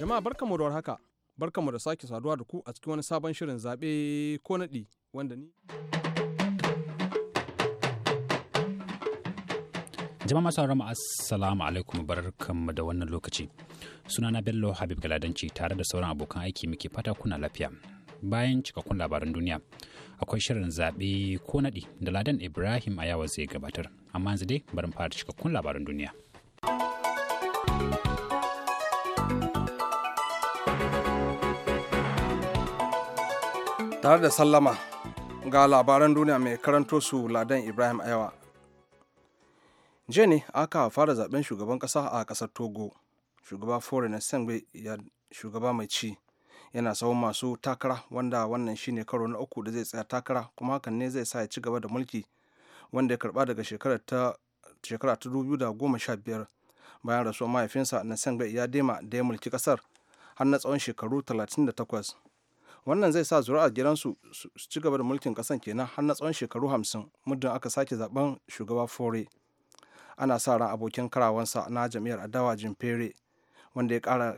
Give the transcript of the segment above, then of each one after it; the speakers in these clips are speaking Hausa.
Jama'a barkamu da haka barkamu da sake saduwa da ku a cikin wani sabon shirin zaɓe ko naɗi wanda ni. Jama'a masu haramu assalamu alaikum barkamu da wannan lokaci. Sunana Bello Habib Galadanci tare da sauran abokan aiki muke fata kuna lafiya. Bayan cikakkun labaran duniya, akwai shirin zaɓe ko naɗi da Ladan Ibrahim a yawa zai gabatar. Amma yanzu dai bari fara cikakkun labaran duniya. tare da sallama ga labaran duniya mai karanto su ladan ibrahim aiwa jiya aka fara zaben shugaban kasa a kasar togo shugaba foreign assembly ya shugaba mai ci yana sawon masu takara wanda wannan shine karo na uku da zai tsaya takara kuma hakan ne zai sa ya ci gaba da mulki wanda ya karba daga shekara ta shekara ta biyar bayan rasuwar mahaifinsa na sengbe ya dema da ya mulki kasar har na tsawon shekaru 38 wannan zai sa zuri'ar gidansu su ci gaba da mulkin kasan kenan har na tsawon shekaru hamsin muddin aka sake zaben shugaba fore ana sa ran abokin karawansa na jam'iyyar adawa jim fere wanda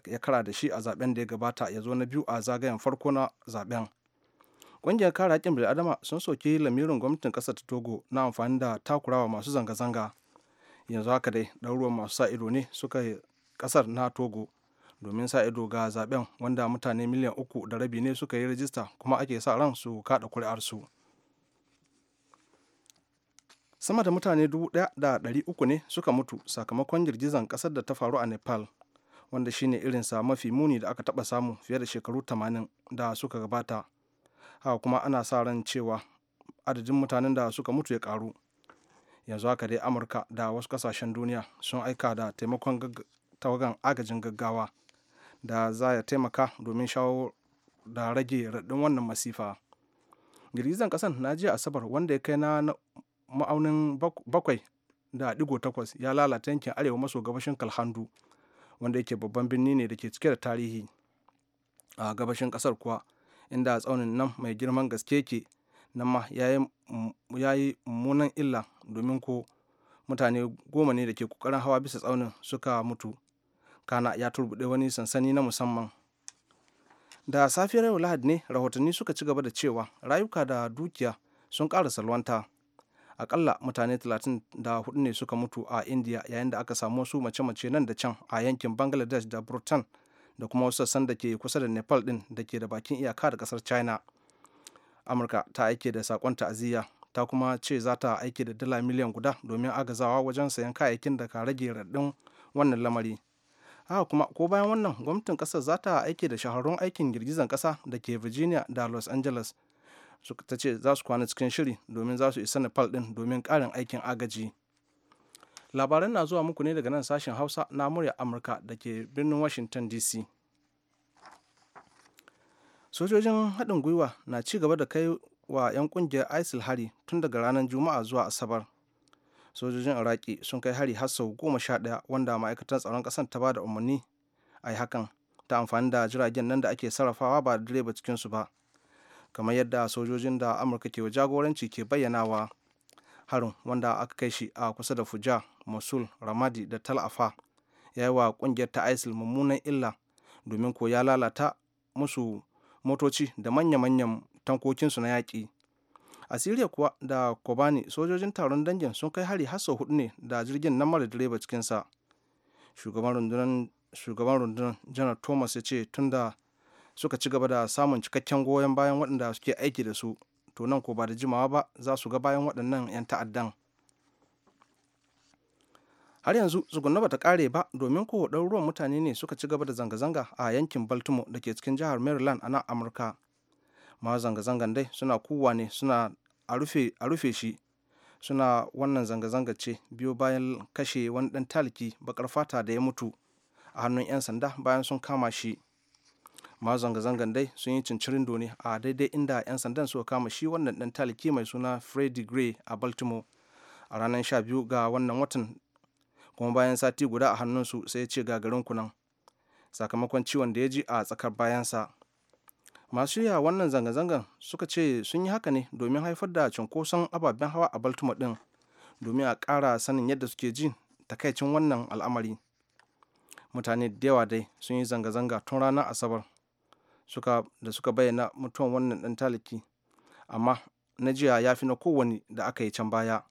ya kara da shi a zaben da ya gabata ya zo na biyu a zagayen farko na zaben ƙungiyar kare haƙƙin bil'adama sun soki lamirin gwamnatin ƙasar ta togo na amfani da takurawa masu zanga-zanga yanzu haka dai ɗaruruwan masu sa ido ne suka ƙasar na togo domin sa ido ga zaben wanda mutane miliyan uku da rabi ne suka yi rajista kuma ake sa ran su kada su sama da mutane dubu ɗaya da ɗari uku ne suka mutu sakamakon girgizan kasar da ta faru a nepal wanda shine irin sa mafi muni da aka taɓa samu fiye da shekaru tamanin da suka gabata haka kuma ana sa ran cewa adadin mutanen da suka mutu ya karu yanzu haka dai amurka da wasu kasashen duniya sun aika da taimakon tawagan agajin gaggawa da za ya taimaka domin shawo da rage raɗin wannan masifa girgizan ƙasar na jiya asabar wanda ya kai na ma'aunin bakwai da digo takwas ya lalata yankin arewa maso gabashin kalhandu wanda yake babban birni ne da ke cike da tarihi a gabashin ƙasar kuwa inda tsaunin nan mai girman gaske ke nan ma ya yi mummunan illa domin ko mutane goma ne da ke kokarin hawa bisa tsaunin suka mutu kana ya turbuɗe wani sansani na musamman da safiyar yau lahadi ne rahotanni suka ci gaba da cewa rayuka da dukiya sun ƙara salwanta akalla mutane 34 ne suka mutu a india yayin da aka samu wasu mace-mace nan da can a yankin bangladesh da bhutan da kuma wasu sassan da ke kusa da nepal din da ke da bakin iyaka da kasar china amurka ta aike da sakon ta'aziyya ta kuma ce za ta aike da dala miliyan guda domin agazawa wajen sayan kayayyakin da ka rage raɗin wannan lamari haka kuma ko bayan wannan gwamnatin kasar za ta aiki da shahararrun aikin girgizan kasa da ke virginia da los angeles ta ce za su kwana cikin shiri domin za su isa nepal din domin karin aikin agaji labaran na zuwa muku ne daga nan sashen hausa na murya amurka da ke birnin washington dc sojojin haɗin gwiwa na ci gaba da kai wa 'yan ƙungiyar isil hari tun daga ranar juma'a zuwa asabar sojojin iraki sun kai hari har sau goma sha ɗaya wanda ma'aikatar tsaron ƙasar ta ba da umarni a yi hakan ta amfani da jiragen nan da ake sarrafawa ba da direba cikinsu ba kamar yadda sojojin da amurka ke jagoranci ke bayyanawa harin wanda aka kai shi a kusa da fuja mosul ramadi da tal afa ya yi wa kungiyar ta isil mummunan illa domin ko ya lalata musu motoci da manya-manyan tankokinsu na yaƙi a siriya kuwa da kobani sojojin taron dangin sun kai hari har sau hudu ne da jirgin na mara direba cikinsa shugaban rundunar shugaban janar thomas ya ce tun da suka ci gaba da samun cikakken goyon bayan waɗanda suke aiki da su to nan ko ba da jimawa ba za su ga bayan waɗannan 'yan ta'addan har yanzu tsugunna bata kare ba domin ko ruwan mutane ne suka ci gaba da zanga-zanga a yankin baltimore da ke cikin jihar maryland a nan amurka ma zanga-zangan dai suna kuwa ne suna a rufe shi suna wannan zanga-zanga ce biyo bayan kashe wani ɗan taliki bakar fata da ya mutu a hannun 'yan sanda bayan sun kama shi ma zanga-zangan dai sun yi cincirin doni a daidai inda 'yan sandan suka kama shi wannan dan taliki mai suna freddy gray a baltimore a ranar 12 ga wannan watan kuma bayan sati guda a hannunsu sai ya ce gagarin kunan sakamakon ciwon da ya ji a tsakar bayansa masu shirya wannan zanga zangan suka ce sun yi haka ne domin haifar da cunkoson ababen hawa a baltimore din domin a kara sanin yadda suke ji takaicin wannan al'amari mutane da yawa dai sun yi zanga-zanga tun ranar asabar suka da suka bayyana mutuwan wannan ɗan taliki amma na jiya ya fi na kowane da aka yi can baya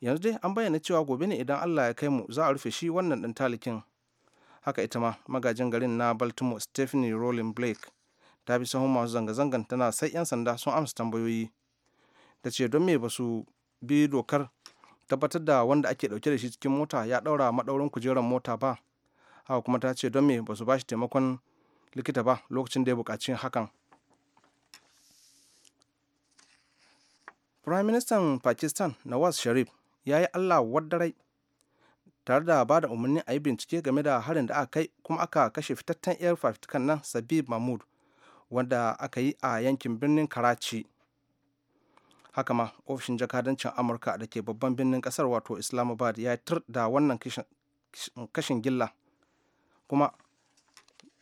yanzu dai an bayyana cewa gobe ne idan allah ya kai mu za a rufe shi wannan ɗan talikin haka ita ma magajin garin na baltimore stephanie rowling blake ta bi sahun masu zanga-zangan tana sai 'yan sanda sun amsa tambayoyi da ce don me ba su bi dokar tabbatar da wanda ake dauke da shi cikin mota ya daura madaurin kujerar mota ba haka kuma ta ce don me ba su ba shi taimakon likita ba lokacin da ya bukaci hakan Prime Minister Pakistan Nawaz Sharif ya yi Allah wadarai tare da ba da umarni a yi bincike game da harin da aka kai kuma aka kashe fitattun 'yar fafitukan nan Sabib Mahmud wanda aka yi a yankin birnin karachi haka ma ofishin jakadancin amurka da ke babban birnin kasar wato islamabad ya tur da wannan kashin gilla kuma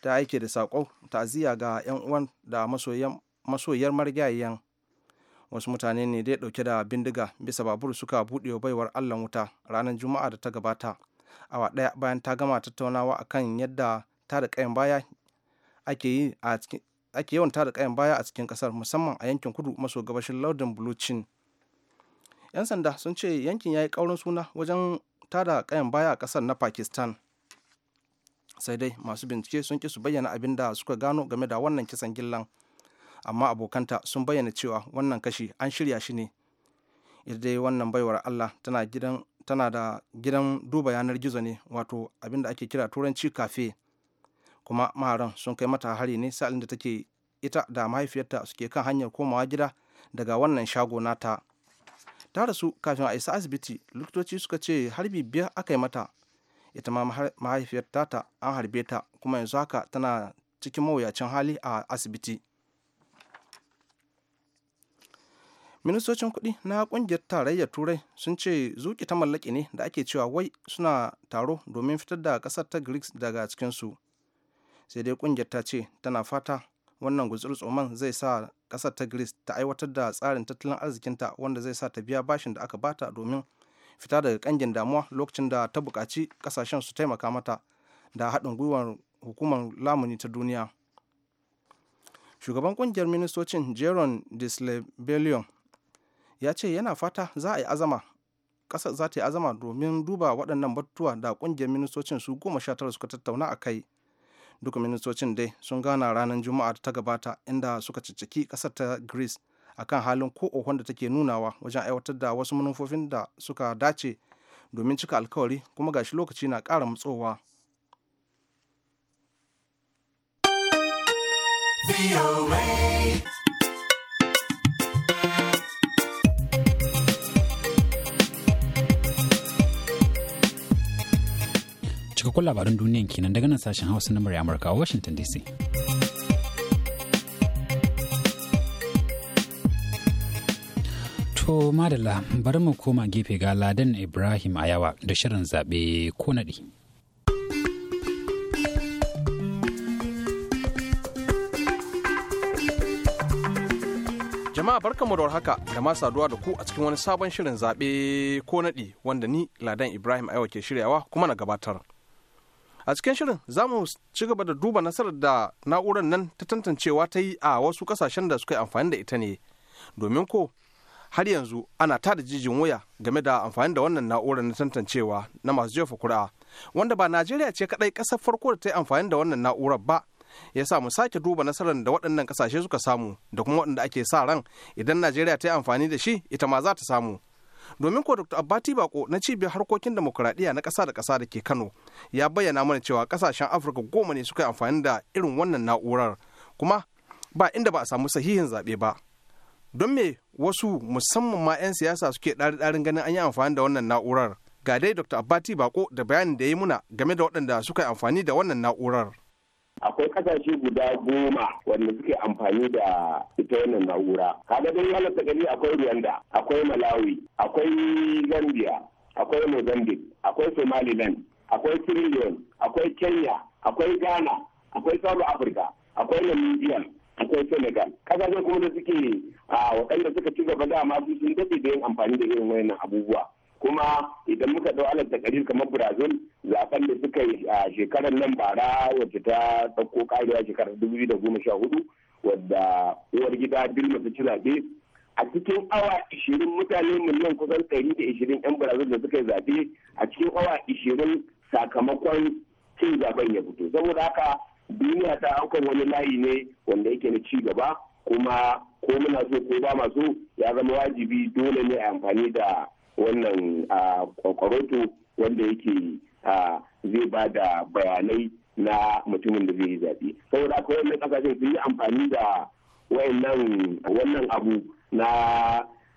ta aike da saƙo ta'aziyya ga 'yan uwan da masoyar marigayen wasu mutane ne dai ɗauke da bindiga bisa babur suka buɗe baiwar allah wuta ranar juma'a da ta gabata awa ɗaya bayan ta gama tattaunawa akan yadda ta da kayan baya ake yi a cikin. ake yawan tada kayan baya a cikin kasar musamman a yankin kudu maso gabashin lardin bulucin yan sanda sun ce yankin ya yi kaurin suna wajen tada kayan baya a kasar na pakistan sai dai masu bincike sun ki su bayyana abin da suka gano game da wannan kisan gillan amma abokanta sun bayyana cewa wannan kashi an shirya shi ne ita dai wannan baiwar allah tana gidan tana da gidan duba yanar gizo ne wato abin da ake kira turanci kafe kuma maharan sun kai mata hari ne sa'ilin da take ita da mahaifiyarta suke kan hanyar komawa gida daga wannan shago nata ta rasu kafin a isa asibiti likitoci suka ce harbi biyar aka yi mata ita ma mahaifiyarta ta an harbe ta kuma yanzu haka tana cikin mawuyacin hali a asibiti ministocin kuɗi na ƙungiyar tarayyar turai sun ce zuki ta mallaki ne da ake cewa wai suna taro domin fitar da ƙasar ta greece daga cikinsu sai dai kungiyar ta ce tana fata wannan gutsur tsoman zai sa kasar ta greece ta aiwatar da tsarin tattalin arzikinta wanda zai sa ta biya bashin da aka bata domin fita daga kangin damuwa lokacin da ta buƙaci kasashen su taimaka mata da haɗin gwiwar hukumar lamuni ta duniya shugaban kungiyar ministocin jeron dislebelion ya ce yana fata za a yi azama kasar za ta yi azama domin duba waɗannan batutuwa da kungiyar ministocin su goma sha tara suka tattauna a kai duka ministocin dai sun gana ranar juma'a ta gabata inda suka cicciki kasar ta greece kan halin ko ohon da take nunawa wajen aiwatar da wasu manufofin da suka dace domin cika alkawari kuma gashi lokaci na kara matsowa VOA. cikakkun labarin duniyan kenan daga nan sashen hausa na murya amurka a washington dc to madalla bari mu koma gefe ga ladan ibrahim ayawa da shirin zaɓe ko naɗi jama'a barkanmu da haka da ma saduwa da ku a cikin wani sabon shirin zaɓe ko naɗi wanda ni ladan ibrahim Ayawa ke shiryawa kuma na gabatar a cikin shirin za mu ci gaba da duba nasarar da na'urar nan ta tantancewa ta yi a wasu kasashen da suka yi amfani da ita ne domin ko har yanzu ana ta da jijin waya game da amfani da wannan na'urar na tantancewa na masu jefa kura, wanda ba najeriya ce kadai kasar farko da ta yi amfani da wannan na'urar ba ya sa mu sake duba nasarar da waɗannan kasashe suka samu da kuma waɗanda ake sa ran idan najeriya ta yi amfani da shi ita ma za ta samu domin ko dr abbati bako na cibiyar harkokin demokuraɗiyya na ƙasa da ƙasa da ke kano ya bayyana mana cewa ƙasashen afirka goma ne suka yi amfani da irin wannan na'urar kuma ba inda ba a samu sahihin zaɓe ba don me wasu musamman ma 'yan siyasa suke ɗari-ɗarin ganin an yi amfani da wannan na'urar ga dai dr abbati bako da bayanin da ya yi muna game da waɗanda suka yi amfani da wannan na'urar akwai kasashe guda goma wanda suke amfani da ita wannan na'ura kaga dai yana gani akwai rwanda akwai malawi akwai zambia akwai mozambique akwai somaliland akwai sierra leone akwai kenya akwai ghana akwai south africa akwai namibia akwai senegal kasashe kuma da suke a ah, waɗanda suka ci gaba dama su sun daɗe da yin amfani da irin wayannan abubuwa kuma idan muka dau alal takarir kamar brazil zaben da suka yi a shekarar nan bara wacce ta ɗauko karewa shekarar 2014 wadda uwar gida bilma ta ci zaɓe a cikin awa 20 mutane miliyan kusan 120 'yan brazil da suka yi zaɓe a cikin awa 20 sakamakon cin zaben ya fito saboda haka duniya ta hauka wani layi ne wanda yake na ci gaba kuma ko muna so ko ba masu ya zama wajibi dole ne a amfani da wannan kwakwaroto wanda yake zai ba da bayanai na mutumin da zai yi zaɓe saboda akwai wannan kasashen sun yi amfani da wayannan wannan abu na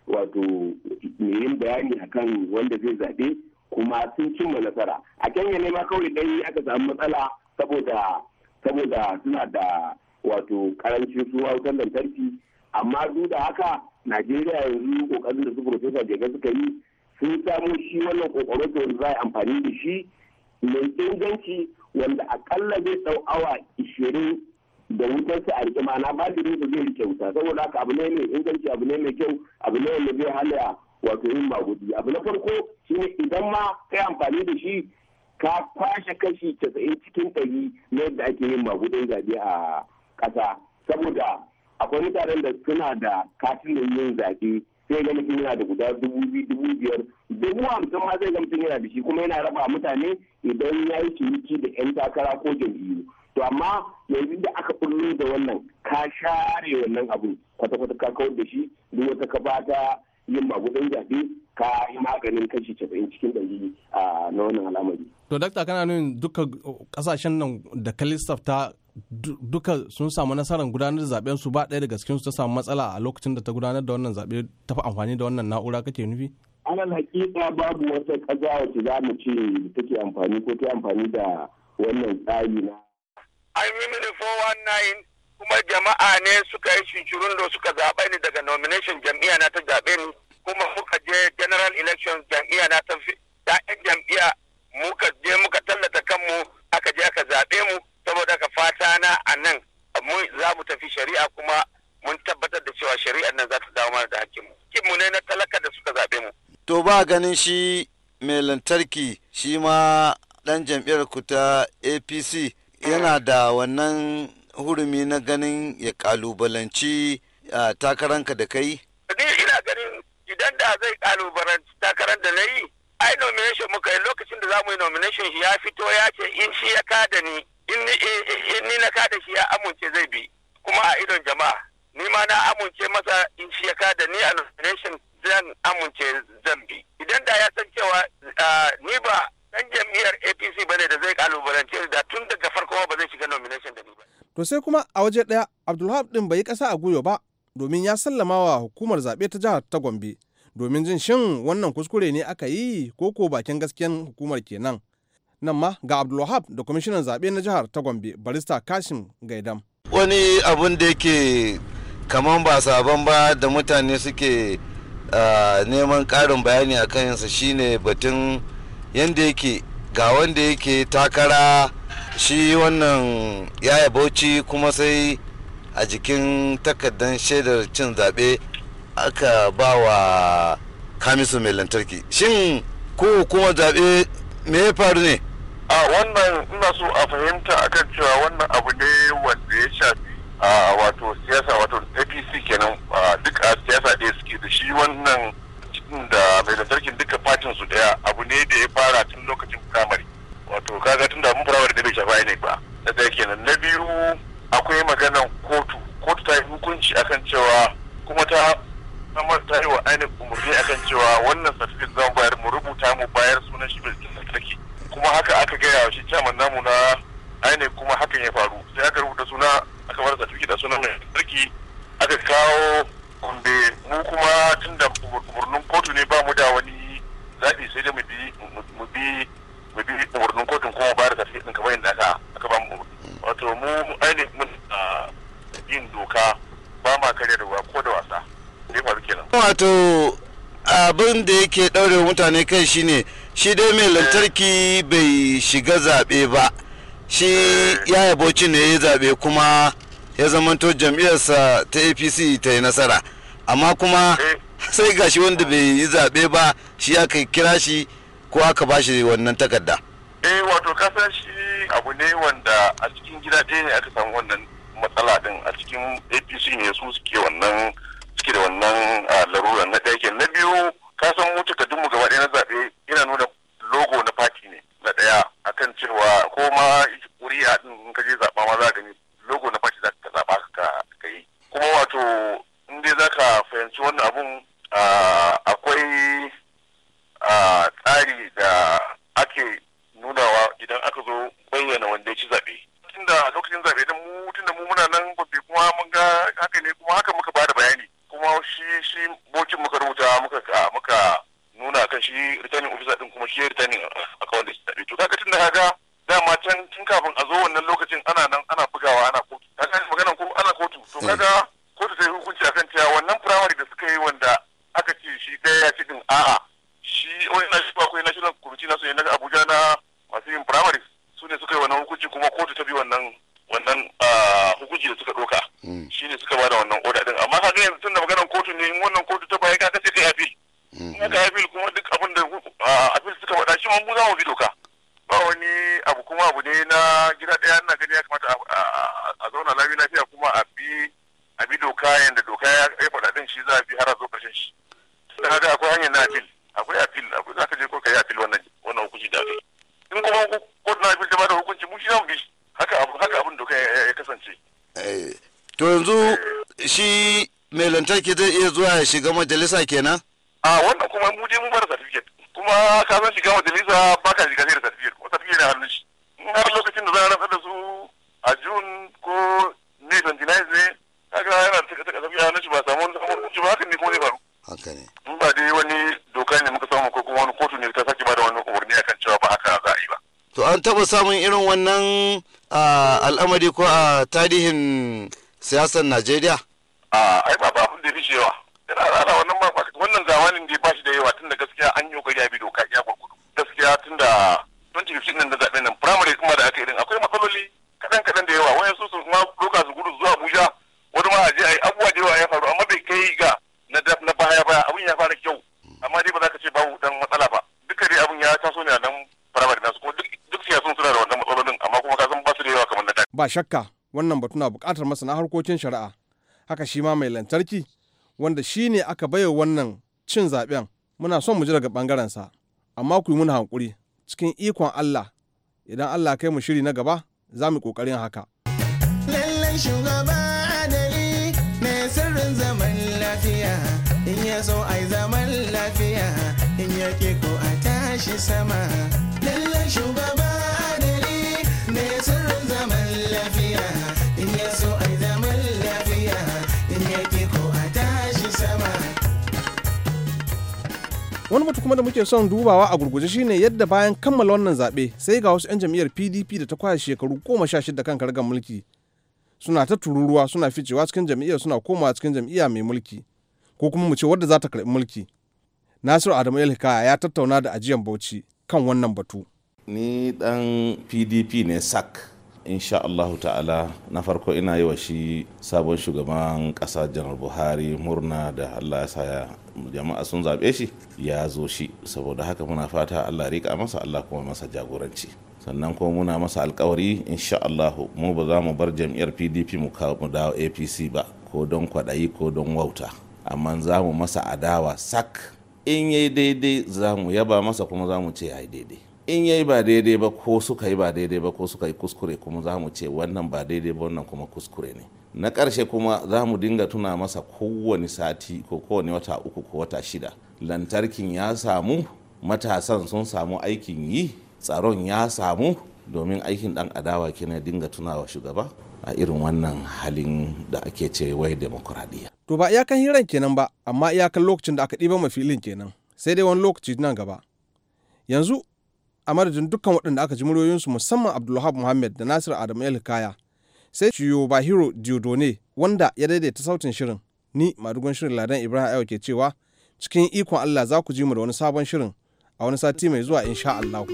wato yin bayani akan wanda zai zaɓe kuma sun cimma nasara a kenya ne ma kawai dai aka samu matsala saboda suna da wato karancin su wutar lantarki amma duk da haka najeriya yanzu kokarin da su profesa jega suka yi sun samu shi wannan kokoro da za a amfani da shi mai inganci wanda akalla zai ɗau awa 20 da wutar sa a rike mana ba da zai rike wuta saboda haka abu ne mai inganci abu ne mai kyau abu ne wanda zai halaya wato yin magudi abu na farko shine idan ma kai amfani da shi ka kwashe kashi casa'in cikin ɗari na yadda ake yin magudin zabe a ƙasa saboda akwai mutanen da suna da katinan yin zaɓe zai ga mutum yana da guda dubu biyu dubu biyar dubu hamsin ma zai ga mutum yana da shi kuma yana raba mutane idan ya yi ciniki da 'yan takara ko jam'iyyu to amma yanzu da aka kullo da wannan ka share wannan abun kwata-kwata ka kawar da shi duk wata ka ba ta yin magudan zaɓe ka yi maganin kashi casa'in cikin ɗari ah, na wannan al'amari. to dakta kana nuna duka kasashen nan da ka lissafta duka sun samu nasarar gudanar da zaben su ba ɗaya daga cikin su ta samu matsala a lokacin da ta gudanar da wannan zaɓe ta fi amfani da wannan na'ura kake nufi? alal hakika babu wata ƙasa wacce za mu ce take amfani ko ta amfani da wannan tsari na. an yi mini 419 kuma jama'a ne suka yi shincirun da suka zaɓe ni daga nomination jam'iyya na ta zaɓe ni kuma muka je general election jam'iyya na ta fi jam'iyya muka je muka tallata kanmu aka je aka zaɓe mu saboda ka fata na a nan za mu tafi shari'a kuma mun tabbatar da cewa shari'ar nan za ta dawo mana da hakimu hakimu ne na talaka da suka zaɓe mu. to ba ganin shi mai lantarki shi ma ɗan jam'iyyar ku ta apc yana da wannan hurumi na ganin ya kalubalanci takaranka da kai? ina ganin idan da zai kalubalanci takarar da na yi ai nomination muka yi lokacin da za mu yi nomination shi ya fito ya ce in shi ya kada ni in ni na kada shi ya amince zai bi kuma a idon jama'a ni ma na amince masa in shi ya kada ni a nomination zan amince zan bi idan da ya san cewa ni ba dan jam'iyyar apc ba ne da zai kalubalance da tun daga farko ba zai shiga nomination da ni ba to sai kuma a waje daya abdulhab din bai yi kasa a guyo ba domin ya sallama wa hukumar zaɓe ta jihar ta gombe domin jin shin wannan kuskure ne aka yi ko ko bakin gaskiyan hukumar kenan nan ma ga abdulwahab da kwamishinan zaɓe na jihar ta gombe barista kashim gaidam wani abun da yake kamar ba sabon ba da mutane suke neman ƙarin bayani a kansa shine batun yadda yake ga wanda yake takara shi wannan yaya bauchi kuma sai a jikin takardar shaidar cin zaɓe aka ba wa kamisu mai lantarki shin ko kuma zaɓe me ya faru ne a wannan ina so a fahimta akan cewa wannan abu ne wanda ya shafi wato siyasa wato apc kenan duk a siyasa ɗaya suke da shi wannan da mai lantarkin duka fatin su ɗaya abu ne da ya fara tun lokacin firamare wato kaga tun da mun firamare da bai shafa ne ba na ɗaya kenan na biyu akwai maganan kotu kotu ta yi hukunci akan cewa kuma ta samar ta yi wa ainihin e umarni akan cewa wannan certificate zan bayar mu rubuta mu bayar sunan shi mai lantarki kuma haka aka gaya shi chairman namu na aine kuma hakan ya faru sai aka rubuta suna aka bar da suna mai sarki aka kawo kunde mu kuma tun da umarnin kotu ne ba mu da wani zaɓi sai dai mu bi mu bi mu bi umarnin kotun kuma ba da certificate ɗin kamar yadda aka aka ba mu wato mu aine mun yin doka ba ma karya da ko da wasa ne faru kenan wato abin da yake ɗaure mutane kai shine ne shi dai mai lantarki bai shiga zaɓe ba shi ya bauchi ne ya zaɓe kuma ya zamanto jam'iyyarsa ta apc ta yi nasara amma kuma eh. sai gashi wanda bai yi zaɓe ba shi aka kira shi ko aka ba shi wannan takarda eh wato kasa shi abu ne wanda a cikin gida ɗaya ne aka samu wannan matsala din a cikin apc ne su suke wannan suke da wannan ah, laruran na ɗakin na biyu kasan mu takardunmu gaba ɗaya na zaɓe yana nuna logo na fati ne na ɗaya akan cewa ko ma kuri'a ɗin in ka je zaɓa ma za ka gani logo na fati za ka zaɓa ka yi kuma wato in dai za ka fahimci wannan abun a ah, doka yadda doka ya faɗa din shi za a bi har a zo ƙarshen shi da haka akwai hanyar na apil akwai appeal, akwai za ka je ko ka yi wannan wannan hukunci da aka in kuma ko na apil ta ba da hukunci mu shi za mu bi haka abu haka abin doka ya kasance eh, to yanzu shi mai lantarki zai iya zuwa ya shiga majalisa kenan a wannan kuma mu je mu bar certificate kuma ka san shiga majalisa ba ka shiga sai da certificate ko certificate na hannun shi in har lokacin da za a rantsar da su a june ko may 29 ne kaga yana da kasa kasa ya nace ba samu wani samu hukunci ba haka ne kuma zai faru haka ne in ba dai wani doka ne muka samu ko kuma wani kotu ne ta sake da wani umarni akan cewa ba haka za a yi ba to an taɓa samun irin wannan al'amari ko a tarihin siyasar Najeriya a ai ba ba abin da ya fi cewa yana rana wannan ba wannan zamanin da ba shi da yawa tunda gaskiya an yi kokari a bi doka ya gurgudu gaskiya tun da 2015 nan da zaben nan primary kuma da aka yi akwai matsaloli kaɗan kaɗan da yawa wayan su sun ma ba shakka wannan batu na bukatar masana harkokin shari'a haka shi ma mai lantarki wanda shi ne aka baiwa wannan cin zaben muna son mu ji daga sa amma ku yi muna hankuri cikin ikon Allah idan Allah kai mu shiri na gaba za mu kokarin haka lallai shugaba adali ne sirrin zaman lafiya in ya so ai zaman lafiya in ya ko a tashi sama wani mutu kuma da muke son dubawa a gurguje shine yadda bayan kammala wannan zaɓe sai ga wasu 'yan jam'iyyar pdp da ta kwashe shekaru goma sha shida kan kargar mulki suna ta tururuwa suna ficewa cikin jam'iyyar suna komawa cikin jam'iyya mai mulki ko kuma mu ce wadda za ta karɓi mulki nasiru adamu hikaya ya tattauna da ajiyan bauchi kan wannan batu ni dan pdp ne sak insha Allah ta'ala na farko ina yi wa shi sabon shugaban ƙasa janar buhari murna da allah ya jama'a sun zaɓe shi ya zo shi saboda haka muna fata allah rika masa allah kuma masa jagoranci sannan kuma muna masa alkawari insha Allah mu ba za mu bar jam'iyyar pdp mu dawo apc ba ko don kwaɗayi ko don wauta amma za mu masa adawa sak in yayi daidai za mu yaba masa kuma za mu ce yi daidai in yayi ba daidai ba ko suka yi ba daidai ba ko suka yi kuskure kuma za mu ce wannan ba daidai ba wannan kuma kuskure ne na ƙarshe kuma za mu dinga tuna masa kowane sati ko kowane wata uku ko wata shida lantarkin ya samu matasan sun samu aikin yi tsaron ya samu domin aikin ɗan adawa kina dinga tunawa shugaba a irin wannan halin da ake ce wai demokuraɗiyya. To ba iyakan hiran kenan ba, amma iyakan lokacin da aka ɗiba filin kenan, sai dai wani lokaci na gaba. Yanzu a madadin dukkan waɗanda aka ji muryoyinsu musamman abdulwahab muhammad da nasir el kaya sai ciyo bahiro diodone wanda ya daidaita sautin shirin ni madugon shirin ladan ibrahim ayo ke cewa cikin ikon allah za ku ji mu da wani sabon shirin a wani sati mai zuwa insha allahu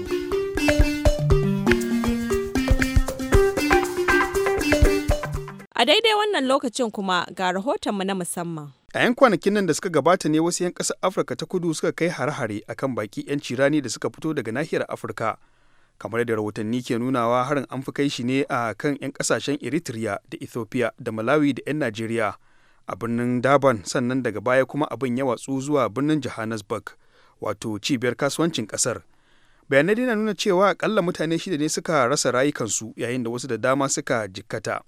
A daidai wannan lokacin kuma ga rahotonmu na musamman. A 'yan kwanakin nan da suka gabata ne wasu 'yan ƙasar Afirka ta kudu suka kai hare-hare kan baki 'yan cirani da suka fito daga nahiyar Afirka. Kamar da rahotanni ke nunawa harin an fi kai shi ne a kan 'yan ƙasashen Eritrea da Ethiopia da Malawi da 'yan Najeriya a birnin daban sannan daga baya kuma abin ya watsu zuwa birnin Johannesburg wato cibiyar kasuwancin ƙasar. Bayanai na nuna cewa akalla mutane shida ne suka rasa rayukansu yayin da wasu da dama suka jikkata.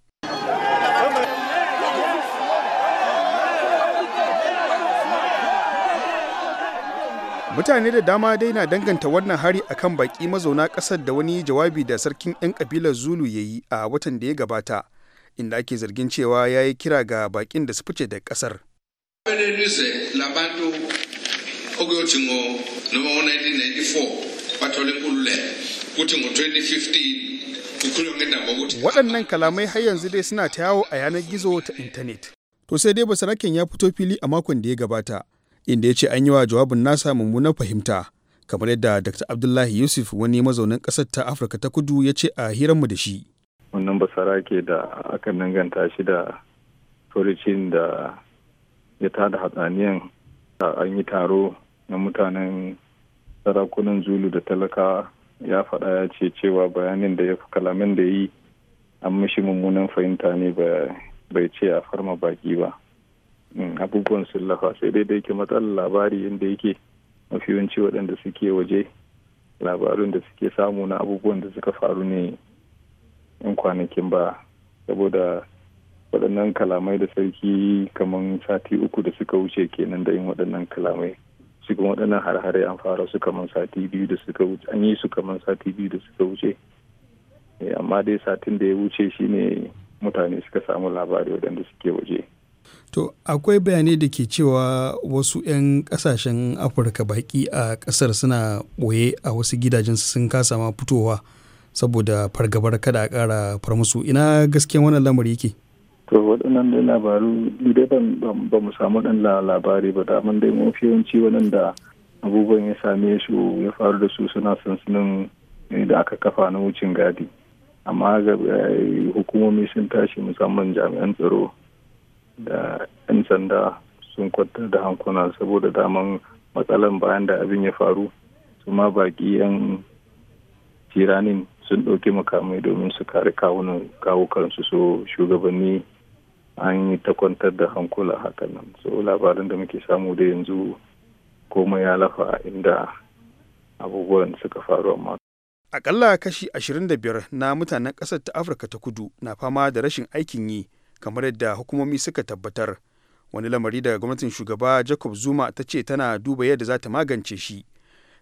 mutane da dama dai na danganta wannan hari akan baki mazauna kasar da wani jawabi da sarkin 'yan kabilar zulu ya yi a watan da ya gabata inda ake zargin cewa ya yi kira ga bakin da su fice da kasar. waɗannan kalamai har yanzu dai suna ta yawo a yanar gizo ta intanet to sai dai rakin ya fito fili a makon da ya gabata inda ya ce an yi wa jawabin nasa mummunan fahimta kamar yadda dr abdullahi yusuf wani mazaunin ƙasar ta afirka ta kudu ya ce a hiranmu da shi wannan basara ke da aka danganta shi da turicin da ya tada hatsaniyan an yi taro na mutanen sarakunan zulu da talaka ya faɗa ya ce cewa bayanin da ya fi kalamin da yi an mishi mummunan fahimta ne bai ce a farma baki ba Mm, abubuwan sun lafa sai dai da yake matsalar labari inda yake mafi yawanci waɗanda suke waje labarin da suke samu na abubuwan da suka faru ne in kwanakin ba saboda waɗannan kalamai da sarki kamar sati uku da suka wuce kenan da yin waɗannan kalamai cikin waɗannan har-hare an fara su kamar sati biyu da suka wuce an yi su kamar sati biyu da suka wuce eh, amma dai satin da ya wuce shine mutane suka samu labari waɗanda suke waje To akwai bayanai da ke cewa wasu 'yan kasashen Afirka baki a kasar suna ɓoye a wasu su sun kasa ma fitowa saboda fargabar kada a kara far musu ina gaskiyan wannan lamari yake. To waɗannan dai labaru dai ba mu samu ɗan labari ba da mun dai mafi yawanci waɗanda abubuwan ya same su ya faru da su suna sansanin da aka kafa na wucin gadi amma eh, hukumomi sun tashi musamman jami'an tsaro da 'yan sanda sun kwatar da hankuna saboda daman matsalan bayan da abin ya faru su ma baki 'yan jiranin sun ɗauki makamai domin su kare kawo kansu so shugabanni an yi ta kwantar da hankula hakan nan so labarin da muke samu da yanzu komai ya lafa inda abubuwan suka faru amma akalla kashi 25 na mutanen ƙasar ta afirka ta kudu na fama da rashin aikin yi kamar yadda hukumomi suka tabbatar wani lamari da gwamnatin shugaba jacob zuma ta ce tana duba yadda za ta magance shi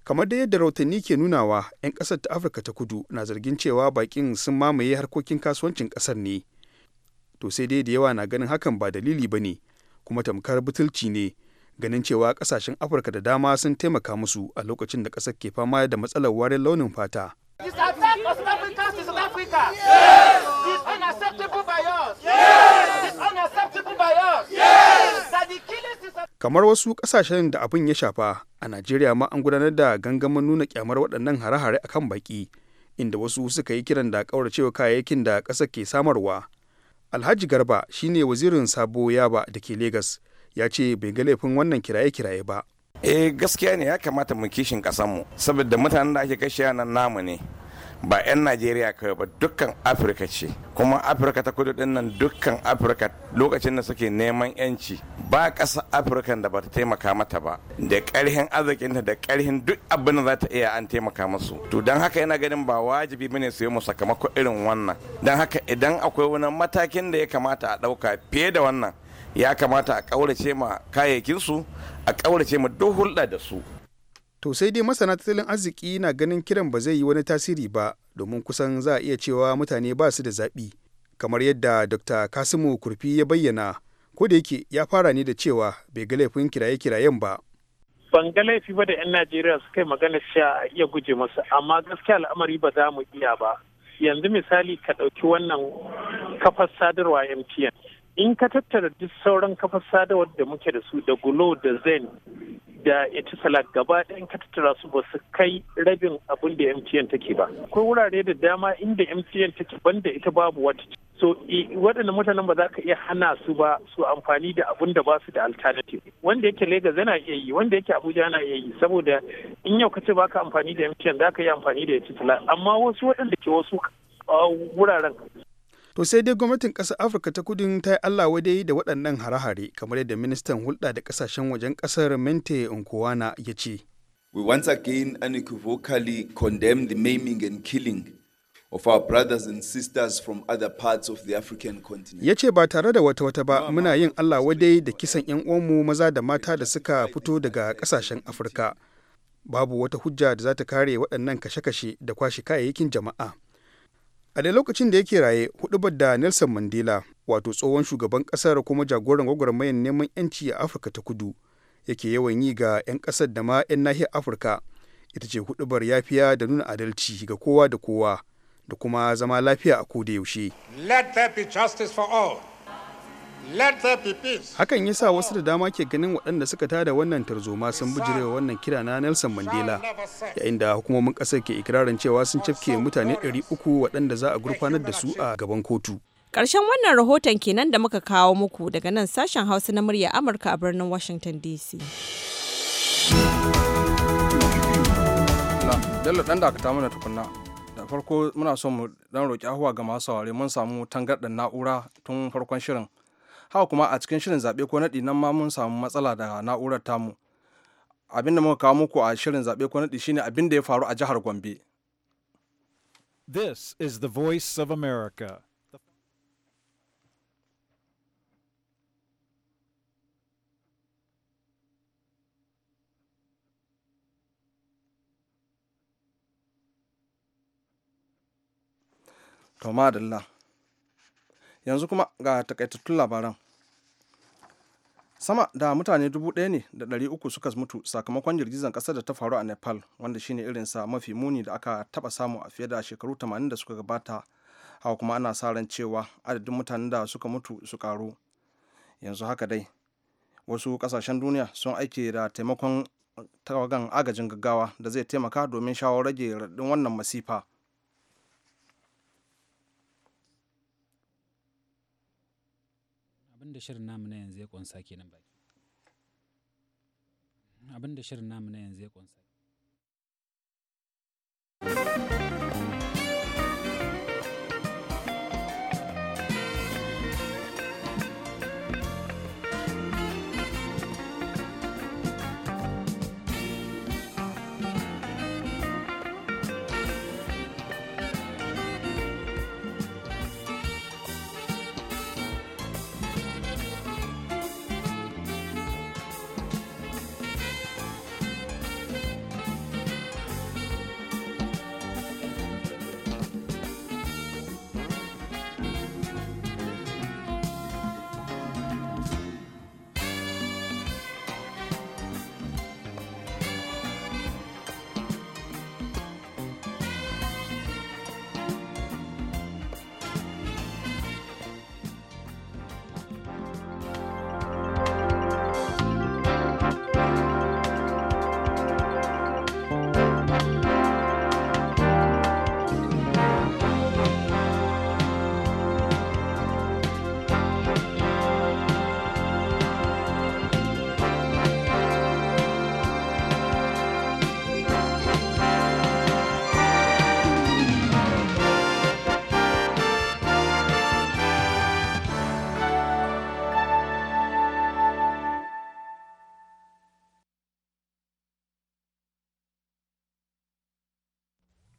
kamar da yadda rahotanni ke nunawa 'yan kasar ta afirka ta kudu na zargin cewa bakin sun mamaye harkokin kasuwancin kasar ne to sai dai da yawa na ganin hakan ba dalili ba ne kuma tamkar butulci ne ganin cewa kasashen afirka da dama sun taimaka musu a lokacin da kasar ke fama da matsalar warin launin fata. Yes! unacceptable Yes! It's unacceptable Yes! That the killings is Kamar wasu kasashen da abin ya shafa, a Najeriya ma an gudanar da gangamin nuna kyamar waɗannan hare-hare akan baki, inda wasu suka yi kiran da ƙauracewa kayayyakin da ƙasa ke samarwa. Alhaji Garba shine wazirin Sabo Yaba da ke Legas, ya ce bai ga laifin wannan kiraye-kiraye ba. eh gaskiya ne ya kamata mu kishin kasanmu saboda mutanen da ake kashe nan namu ne ba 'yan najeriya kawai ba dukkan afirka ce kuma afirka ta kudu din nan dukkan afirka lokacin da suke neman yanci ba kasa afirka da ba ta taimaka mata ba da ƙarhin arzikinta da ƙarhin duk abin da za ta iya an taimaka musu to don haka yana ganin ba wajibi ne su yi mu sakamako irin wannan don haka idan akwai wani matakin da ya kamata a ɗauka fiye da wannan ya kamata a ƙaurace ma kayayyakinsu a ƙaurace ma duk hulɗa da su To sai dai masana tattalin arziki na ganin kiran ba zai yi wani tasiri ba domin kusan za a iya cewa mutane ba su da zaɓi. Kamar yadda Dr. Kasimu Kurfi ya bayyana, ko da yake ya fara ne da cewa bai ga laifin kiraye-kirayen ba. Ban ga laifi ba da 'yan Najeriya su kai magana sha iya guje masu, amma gaskiya al'amari ba za mu iya ba. Yanzu misali ka ɗauki wannan kafar sadarwa MTN. in ka tattara duk sauran kafar sadarwar da muke da su da gulo da zen da etisalat gaba ɗayan ka tattara su ba su kai rabin abin da mtn take ba akwai wurare da dama inda mtn take banda ita babu wata so waɗannan mutanen ba za ka iya hana su ba su amfani da abin da ba su da alternative wanda yake Legas yana iya yi wanda yake Abuja yana iya yi saboda in yau ka ce ba ka amfani da MTN za ka yi amfani da Etisalat amma wasu waɗanda ke wasu wuraren To sai dai gwamnatin ƙasar Afirka ta kudin ta yi Allah wadai da waɗannan hare-hare kamar yadda ministan hulɗa da ƙasashen wajen ƙasar Mente nkuwana ya ce. We once again unequivocally condemn the maiming and killing of our brothers and sisters from other parts of the African continent. Ya ce ba tare da wata wata ba muna yin Allah wadai da kisan 'yan uwanmu maza da mata da suka fito daga kasashen Afirka. Babu wata hujja da za ta kare waɗannan kashe-kashe da kwashe kayayyakin jama'a. a da lokacin da yake raye hudubar da nelson mandela wato tsohon shugaban kasar kuma jagoran gwagwarmayar neman yanci a afirka ta kudu yake yawan yi ga 'yan kasar da ma 'yan nahiyar afirka ita ce hudubar yafiya da nuna adalci ga kowa da kowa da kuma zama lafiya a koda yaushe let there be justice for all Hakan ya sa wasu da dama ke ganin waɗanda suka tada wannan tarzoma sun bijirewa wannan kira na Nelson Mandela yayin da hukumomin ƙasar ke ikirarin cewa sun cafke mutane 300 waɗanda za a gurfanar da su a gaban kotu. Ƙarshen wannan rahoton kenan da muka kawo muku daga nan sashen Hausa na murya Amurka a birnin Washington DC. dakata mana tukunna. Da farko muna son mu dan roƙi ahuwa ga masu saurare mun samu tangarɗar na'ura tun farkon shirin. haka kuma a cikin shirin zaɓe ko naɗi nan ma mun samu matsala da na'urar tamu abin da muka kawo muku a shirin zaɓe ko naɗi shine abin da ya faru a jihar gombe this is the voice of america to madalla yanzu kuma ga takaitattun labaran sama da mutane dubu ɗaya ne da ɗari uku suka mutu sakamakon girgizan ƙasar da ta faru a nepal wanda shine irin sa mafi muni da aka taɓa samu a fiye da shekaru 80 da suka gabata hawa kuma ana sa ran cewa adadin mutanen da suka mutu su karu yanzu haka dai wasu ƙasashen duniya sun aike da taimakon tawagan agajin gaggawa da zai taimaka domin shawo rage raɗin wannan masifa abinda shirin namu na yanzu ya ƙunsa kenan baki abinda shirin namu na yanzu ya ƙunsa